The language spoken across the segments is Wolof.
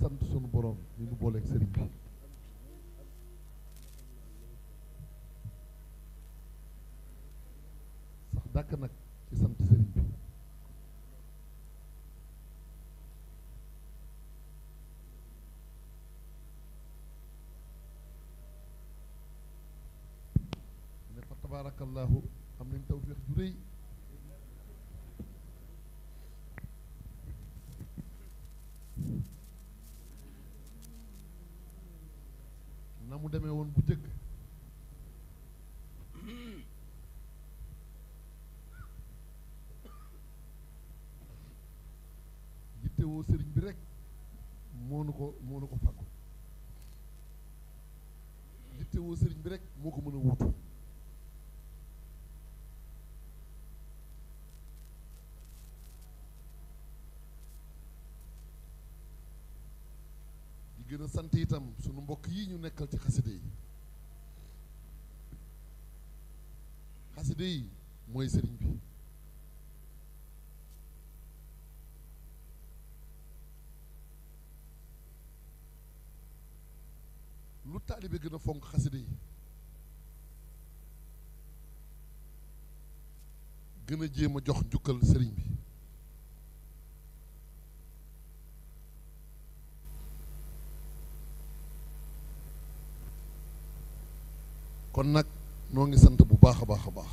sant sunu borom ni ñu bolé sëriñ bi sax dak nak ci sant sëriñ bi ne fa tabarakallahu am nañ tawfiq du reuy na mu demee woon bu jëkk yittewoo sëriñ bi rek moo nu ko moo nu ko fàggu yittewoo sëriñ bi rek moo ko mën a wutu gën a sant itam sunu mbokk yi ñu nekkal ci xaside yi xaside yi mooy sëriñ bi lu taalibe gën a fonk xaside yi gën a jéem a jox njukkal sëriñ bi kon nak no ngi sante bu baakha baakha baax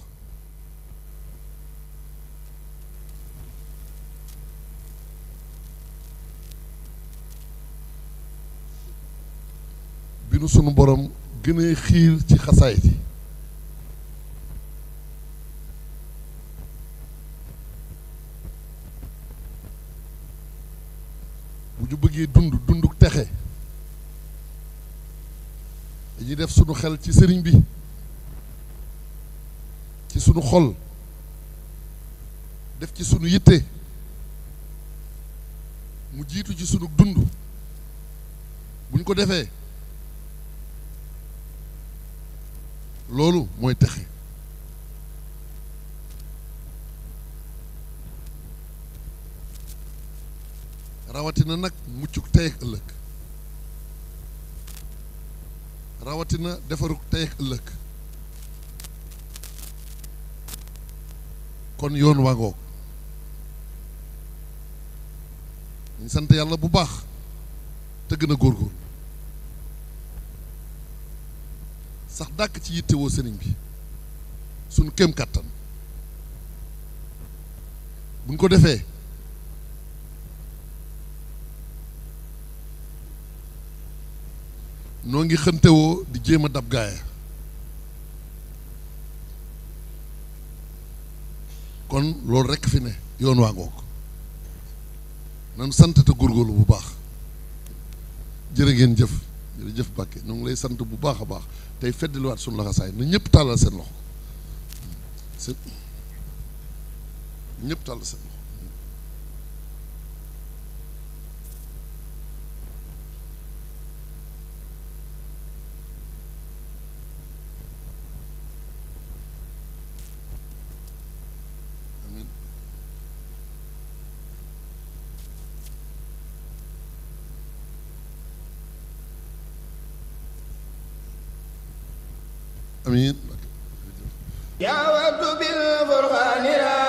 a bi nu sunu borom gën xir ci xasaay ji bu ju bëggee dund dunduk texe dañuy def sunu xel ci sëriñ bi ci sunu xol def ci sunu yitte mu jiitu ci sunu dund buñ ko defee loolu mooy texe rawatina nag muccuk tey ak ëllëg rawatina defaruk tey ak ëllëg kon yoon waa ngoog ñu sant yàlla bu baax te gën a góorgóorlu sax dàq ci yittewoo sëriñ bi suñ kem kàttan buñ ko defee noo ngi xëntewoo di jéem a dab gaaya kon loolu rekk fi ne yoon waa ngoog nan sant te góorgóorlu bu baax jërë ngeen jëf jërëjëf Mbàkke ñu ngi lay sant bu baax a baax tey feddaliwaat suñu laxasaay na ñëpp tàllal seen loxo seen ñëpp tàllal seen loxo amiin